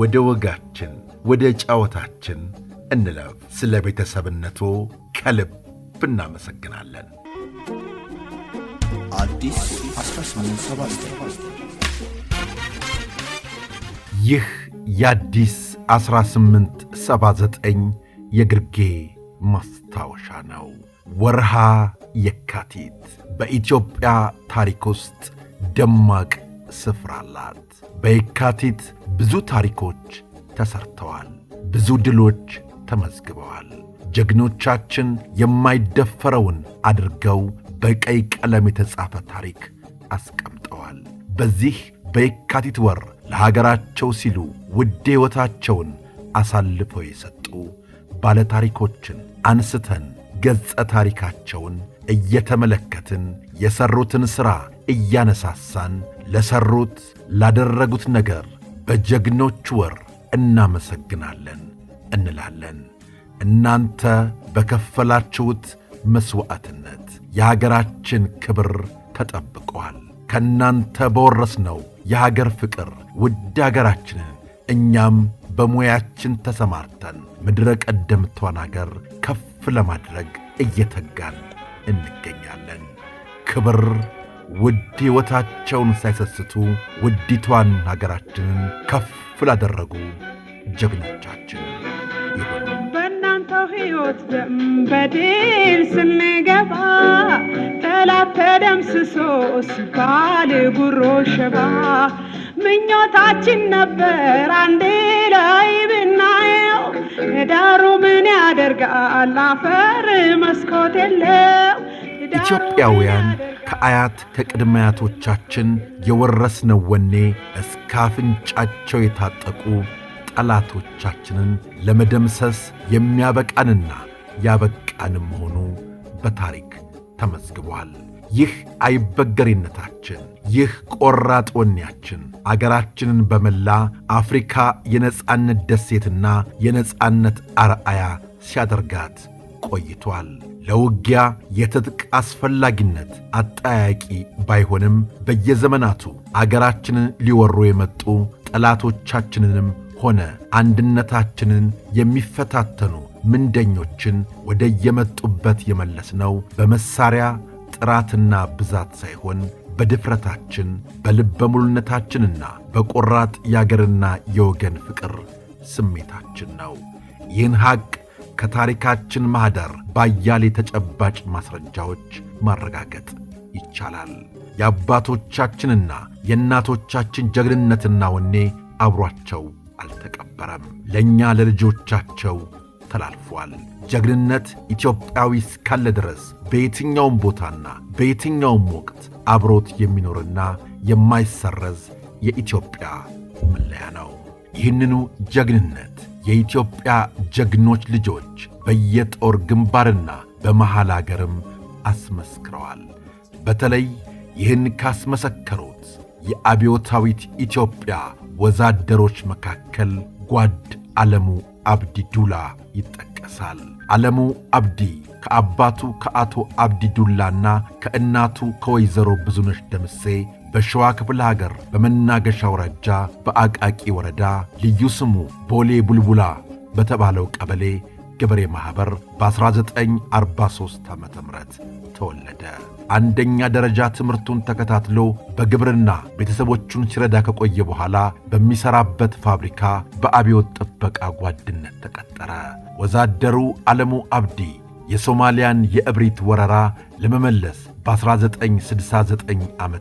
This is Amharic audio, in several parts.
ወደ ወጋችን ወደ ጫወታችን እንለፍ። ስለ ቤተሰብነቱ ከልብ እናመሰግናለን። ይህ የአዲስ 1879 የግርጌ ማስታወሻ ነው። ወርሃ የካቲት በኢትዮጵያ ታሪክ ውስጥ ደማቅ ስፍራ አላት። በየካቲት ብዙ ታሪኮች ተሰርተዋል፣ ብዙ ድሎች ተመዝግበዋል። ጀግኖቻችን የማይደፈረውን አድርገው በቀይ ቀለም የተጻፈ ታሪክ አስቀምጠዋል። በዚህ በየካቲት ወር ለሀገራቸው ሲሉ ውድ ሕይወታቸውን አሳልፈው የሰጡ ባለታሪኮችን አንስተን ገጸ ታሪካቸውን እየተመለከትን የሠሩትን ሥራ እያነሳሳን ለሠሩት ላደረጉት ነገር በጀግኖች ወር እናመሰግናለን እንላለን። እናንተ በከፈላችሁት መሥዋዕትነት የሀገራችን ክብር ተጠብቋል። ከእናንተ በወረስነው የሀገር ፍቅር ውድ አገራችንን እኛም በሙያችን ተሰማርተን ምድረ ቀደምቷን አገር ከፍ ለማድረግ እየተጋን እንገኛለን። ክብር ውድ ሕይወታቸውን ሳይሰስቱ ውዲቷን አገራችንን ከፍ ላደረጉ ጀግኖቻችን ይሁን። በእናንተው ሕይወት በድል ስንገባ ጠላት ተደምስሶ ሲባል ጉሮ ሸባ ምኞታችን ነበር አንዴ ላይ ብናየው ዳሩ ምን ያደርጋል አፈር መስኮት የለው ኢትዮጵያውያን ከአያት ከቅድመያቶቻችን የወረስነው ወኔ እስከ አፍንጫቸው የታጠቁ ጠላቶቻችንን ለመደምሰስ የሚያበቃንና ያበቃንም መሆኑ በታሪክ ተመዝግቧል። ይህ አይበገሬነታችን፣ ይህ ቆራጥ ወኔያችን አገራችንን በመላ አፍሪካ የነጻነት ደሴትና የነጻነት አርአያ ሲያደርጋት ቆይቷል። ለውጊያ የትጥቅ አስፈላጊነት አጠያቂ ባይሆንም በየዘመናቱ አገራችንን ሊወሩ የመጡ ጠላቶቻችንንም ሆነ አንድነታችንን የሚፈታተኑ ምንደኞችን ወደ የመጡበት የመለስነው በመሳሪያ ጥራትና ብዛት ሳይሆን በድፍረታችን በልበ ሙሉነታችንና በቆራጥ የአገርና የወገን ፍቅር ስሜታችን ነው። ይህን ሐቅ ከታሪካችን ማኅደር ባያሌ ተጨባጭ ማስረጃዎች ማረጋገጥ ይቻላል። የአባቶቻችንና የእናቶቻችን ጀግንነትና ወኔ አብሯቸው አልተቀበረም፣ ለእኛ ለልጆቻቸው ተላልፏል። ጀግንነት ኢትዮጵያዊ እስካለ ድረስ በየትኛውም ቦታና በየትኛውም ወቅት አብሮት የሚኖርና የማይሰረዝ የኢትዮጵያ መለያ ነው። ይህንኑ ጀግንነት የኢትዮጵያ ጀግኖች ልጆች በየጦር ግንባርና በመሐል አገርም አስመስክረዋል። በተለይ ይህን ካስመሰከሩት የአብዮታዊት ኢትዮጵያ ወዛደሮች መካከል ጓድ ዓለሙ አብዲ ዱላ ይጠቀሳል። ዓለሙ አብዲ ከአባቱ ከአቶ አብዲ ዱላና ከእናቱ ከወይዘሮ ብዙነሽ ደምሴ በሸዋ ክፍለ ሀገር በመናገሻ አውራጃ በአቃቂ ወረዳ ልዩ ስሙ ቦሌ ቡልቡላ በተባለው ቀበሌ ገበሬ ማኅበር በ1943 ዓ ም ተወለደ። አንደኛ ደረጃ ትምህርቱን ተከታትሎ በግብርና ቤተሰቦቹን ሲረዳ ከቆየ በኋላ በሚሠራበት ፋብሪካ በአብዮት ጥበቃ ጓድነት ተቀጠረ። ወዛደሩ ዓለሙ አብዲ የሶማሊያን የእብሪት ወረራ ለመመለስ በ1969 ዓ ም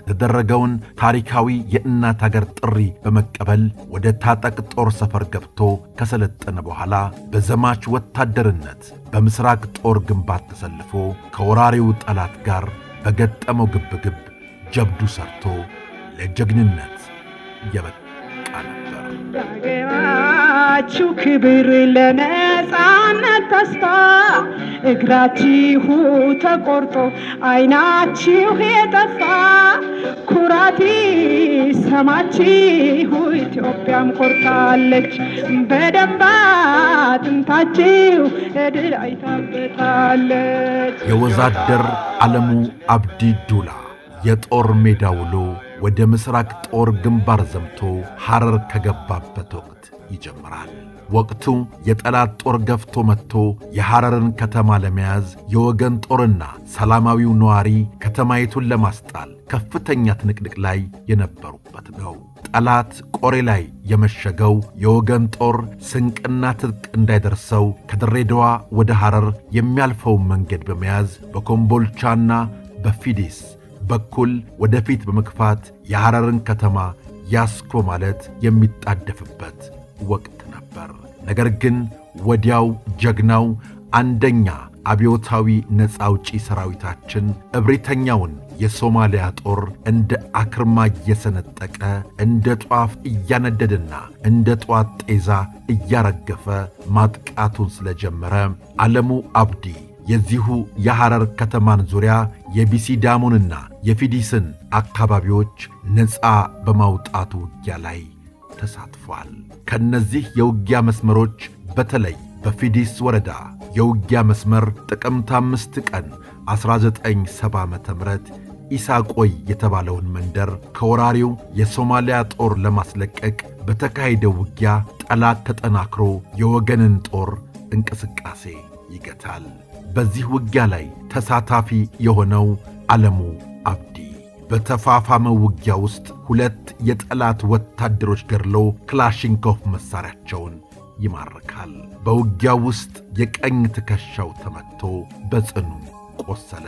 የተደረገውን ታሪካዊ የእናት አገር ጥሪ በመቀበል ወደ ታጠቅ ጦር ሰፈር ገብቶ ከሰለጠነ በኋላ በዘማች ወታደርነት በምስራቅ ጦር ግንባር ተሰልፎ ከወራሪው ጠላት ጋር በገጠመው ግብግብ ጀብዱ ሰርቶ ለጀግንነት የበቃ ነበር። ለሀገራችሁ ክብር ለነጻነት ተስፋ እግራችሁ ተቆርጦ አይናችሁ የጠፋ ኩራቲ ሰማችሁ ኢትዮጵያም ቆርጣለች በደንባ አጥንታችሁ እድል አይታበታለች። የወዛደር አለሙ አብዲ ዱላ የጦር ሜዳ ውሎ ወደ ምስራቅ ጦር ግንባር ዘምቶ ሐረር ከገባበት ወቅት ይጀምራል። ወቅቱ የጠላት ጦር ገፍቶ መጥቶ የሐረርን ከተማ ለመያዝ የወገን ጦርና ሰላማዊው ነዋሪ ከተማይቱን ለማስጣል ከፍተኛ ትንቅንቅ ላይ የነበሩበት ነው። ጠላት ቆሬ ላይ የመሸገው የወገን ጦር ስንቅና ትጥቅ እንዳይደርሰው ከድሬዳዋ ወደ ሐረር የሚያልፈውን መንገድ በመያዝ በኮምቦልቻና በፊዲስ በኩል ወደፊት በመግፋት የሐረርን ከተማ ያስኮ ማለት የሚጣደፍበት ወቅት ነበር። ነገር ግን ወዲያው ጀግናው አንደኛ አብዮታዊ ነፃ አውጪ ሰራዊታችን እብሪተኛውን የሶማሊያ ጦር እንደ አክርማ እየሰነጠቀ እንደ ጧፍ እያነደደና እንደ ጧት ጤዛ እያረገፈ ማጥቃቱን ስለጀመረ ዓለሙ አብዲ የዚሁ የሐረር ከተማን ዙሪያ የቢሲ ዳሞንና የፊዲስን አካባቢዎች ነፃ በማውጣቱ ውጊያ ላይ ተሳትፏል። ከእነዚህ የውጊያ መስመሮች በተለይ በፊዲስ ወረዳ የውጊያ መስመር ጥቅምት አምስት ቀን 1970 ዓ ም ኢሳቆይ የተባለውን መንደር ከወራሪው የሶማሊያ ጦር ለማስለቀቅ በተካሄደው ውጊያ ጠላት ተጠናክሮ የወገንን ጦር እንቅስቃሴ ይገታል። በዚህ ውጊያ ላይ ተሳታፊ የሆነው ዓለሙ አብዲ በተፋፋመ ውጊያ ውስጥ ሁለት የጠላት ወታደሮች ገድሎ ክላሽንኮፍ መሣሪያቸውን ይማርካል። በውጊያው ውስጥ የቀኝ ትከሻው ተመትቶ በጽኑ ቆሰለ።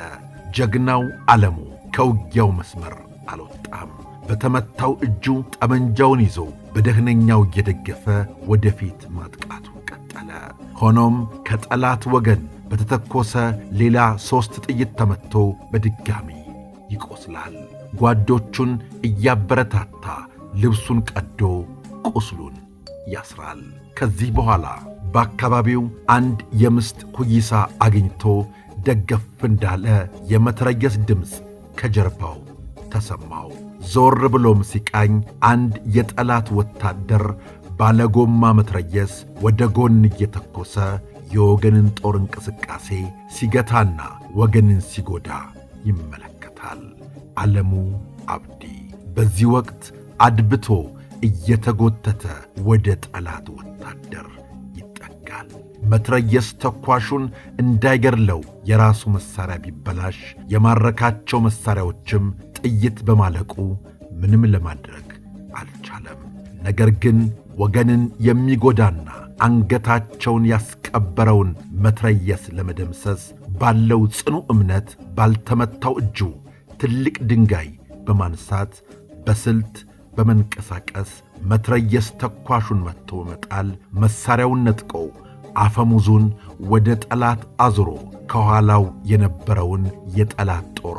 ጀግናው ዓለሙ ከውጊያው መስመር አልወጣም። በተመታው እጁ ጠመንጃውን ይዞ በደህነኛው እየደገፈ ወደፊት ማጥቃቱ ቀጠለ። ሆኖም ከጠላት ወገን በተተኮሰ ሌላ ሦስት ጥይት ተመትቶ በድጋሚ ይቆስላል። ጓዶቹን እያበረታታ ልብሱን ቀዶ ቁስሉን ያስራል። ከዚህ በኋላ በአካባቢው አንድ የምስጥ ኩይሳ አግኝቶ ደገፍ እንዳለ የመትረየስ ድምፅ ከጀርባው ተሰማው። ዞር ብሎም ሲቃኝ አንድ የጠላት ወታደር ባለጎማ መትረየስ ወደ ጎን እየተኮሰ የወገንን ጦር እንቅስቃሴ ሲገታና ወገንን ሲጎዳ ይመለከታል። ይላታል ዓለሙ አብዲ። በዚህ ወቅት አድብቶ እየተጎተተ ወደ ጠላት ወታደር ይጠጋል። መትረየስ ተኳሹን እንዳይገድለው የራሱ መሣሪያ ቢበላሽ የማረካቸው መሣሪያዎችም ጥይት በማለቁ ምንም ለማድረግ አልቻለም። ነገር ግን ወገንን የሚጎዳና አንገታቸውን ያስቀበረውን መትረየስ ለመደምሰስ ባለው ጽኑ እምነት ባልተመታው እጁ ትልቅ ድንጋይ በማንሳት በስልት በመንቀሳቀስ መትረየስ ተኳሹን መትቶ መጣል፣ መሣሪያውን ነጥቆ አፈሙዙን ወደ ጠላት አዙሮ ከኋላው የነበረውን የጠላት ጦር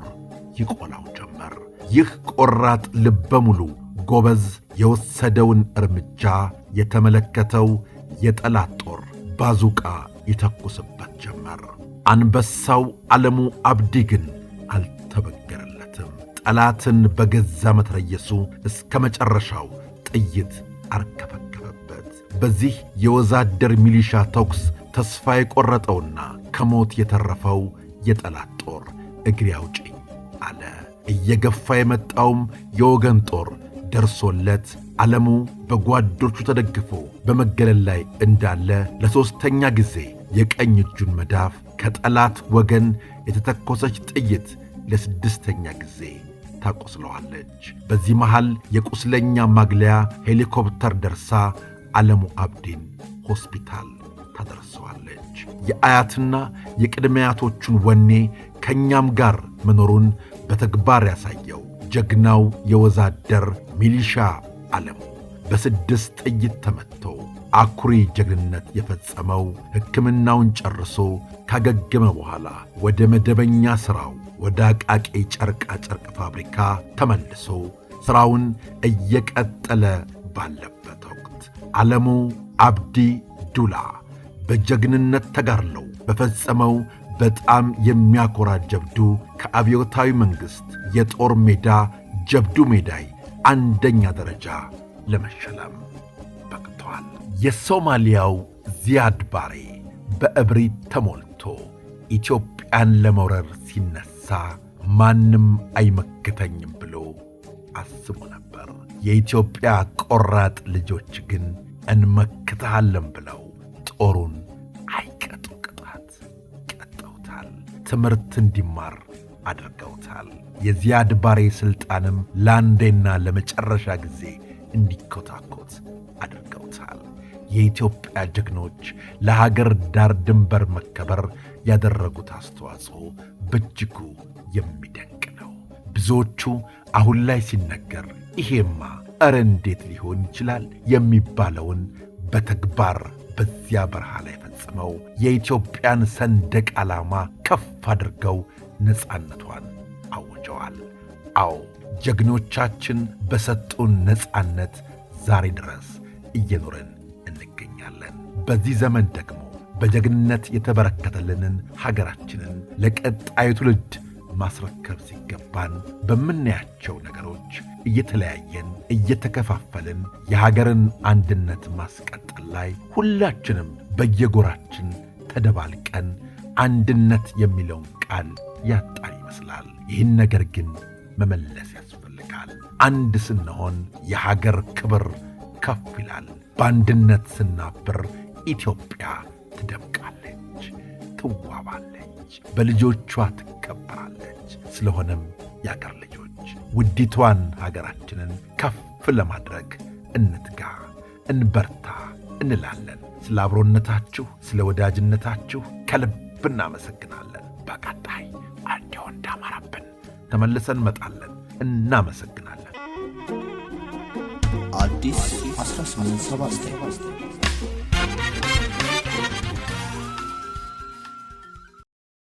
ይቆላው ጀመር። ይህ ቆራጥ ልበ ሙሉ ጎበዝ የወሰደውን እርምጃ የተመለከተው የጠላት ጦር ባዙቃ ይተኩስበት ጀመር። አንበሳው ዓለሙ አብዲ ግን አልተ ጠላትን በገዛ መትረየሱ እስከ መጨረሻው ጥይት አርከፈከፈበት። በዚህ የወዛደር ሚሊሻ ተኩስ ተስፋ የቈረጠውና ከሞት የተረፈው የጠላት ጦር እግሬ አውጪኝ አለ። እየገፋ የመጣውም የወገን ጦር ደርሶለት ዓለሙ በጓዶቹ ተደግፎ በመገለል ላይ እንዳለ ለሦስተኛ ጊዜ የቀኝ እጁን መዳፍ ከጠላት ወገን የተተኮሰች ጥይት ለስድስተኛ ጊዜ ታቆስለዋለች። በዚህ መሃል የቁስለኛ ማግለያ ሄሊኮፕተር ደርሳ ዓለሙ አብዲን ሆስፒታል ታደርሰዋለች። የአያትና የቅድመያቶቹን ወኔ ከእኛም ጋር መኖሩን በተግባር ያሳየው ጀግናው የወዛደር ሚሊሻ ዓለሙ በስድስት ጥይት ተመትቶ አኩሪ ጀግንነት የፈጸመው ሕክምናውን ጨርሶ ካገገመ በኋላ ወደ መደበኛ ሥራው ወደ አቃቂ ጨርቃ ጨርቅ ፋብሪካ ተመልሶ ሥራውን እየቀጠለ ባለበት ወቅት ዓለሙ አብዲ ዱላ በጀግንነት ተጋድለው በፈጸመው በጣም የሚያኮራ ጀብዱ ከአብዮታዊ መንግሥት የጦር ሜዳ ጀብዱ ሜዳይ አንደኛ ደረጃ ለመሸለም በቅተዋል። የሶማሊያው ዚያድ ባሬ በእብሪት ተሞልቶ ኢትዮጵያን ለመውረር ሲነሳ ብነሳ ማንም አይመክተኝም ብሎ አስቦ ነበር። የኢትዮጵያ ቆራጥ ልጆች ግን እንመክትሃለን ብለው ጦሩን አይቀጡ ቅጣት ቀጠውታል። ትምህርት እንዲማር አድርገውታል። የዚያድ ባሬ ሥልጣንም ለአንዴና ለመጨረሻ ጊዜ እንዲኮታኮት አድርገውታል። የኢትዮጵያ ጀግኖች ለሀገር ዳር ድንበር መከበር ያደረጉት አስተዋጽኦ በእጅጉ የሚደንቅ ነው። ብዙዎቹ አሁን ላይ ሲነገር ይሄማ እረ እንዴት ሊሆን ይችላል የሚባለውን በተግባር በዚያ በረሃ ላይ ፈጽመው የኢትዮጵያን ሰንደቅ ዓላማ ከፍ አድርገው ነፃነቷን አውጀዋል። አዎ ጀግኖቻችን በሰጡን ነፃነት ዛሬ ድረስ እየኖረን! እንገኛለን። በዚህ ዘመን ደግሞ በጀግንነት የተበረከተልንን ሀገራችንን ለቀጣዩ ትውልድ ማስረከብ ሲገባን በምናያቸው ነገሮች እየተለያየን እየተከፋፈልን የሀገርን አንድነት ማስቀጠል ላይ ሁላችንም በየጎራችን ተደባልቀን አንድነት የሚለውን ቃል ያጣን ይመስላል። ይህን ነገር ግን መመለስ ያስፈልጋል። አንድ ስንሆን የሀገር ክብር ከፍ ይላል። በአንድነት ስናብር ኢትዮጵያ ትደምቃለች፣ ትዋባለች፣ በልጆቿ ትከበራለች። ስለሆነም የአገር ልጆች ውዲቷን ሀገራችንን ከፍ ለማድረግ እንትጋ፣ እንበርታ እንላለን። ስለ አብሮነታችሁ፣ ስለ ወዳጅነታችሁ ከልብ እናመሰግናለን። በቀጣይ እንዲሁ እንዳማራብን ተመልሰን እንመጣለን። እናመሰግናለን። አዲስ Hasta la semana. Namaste.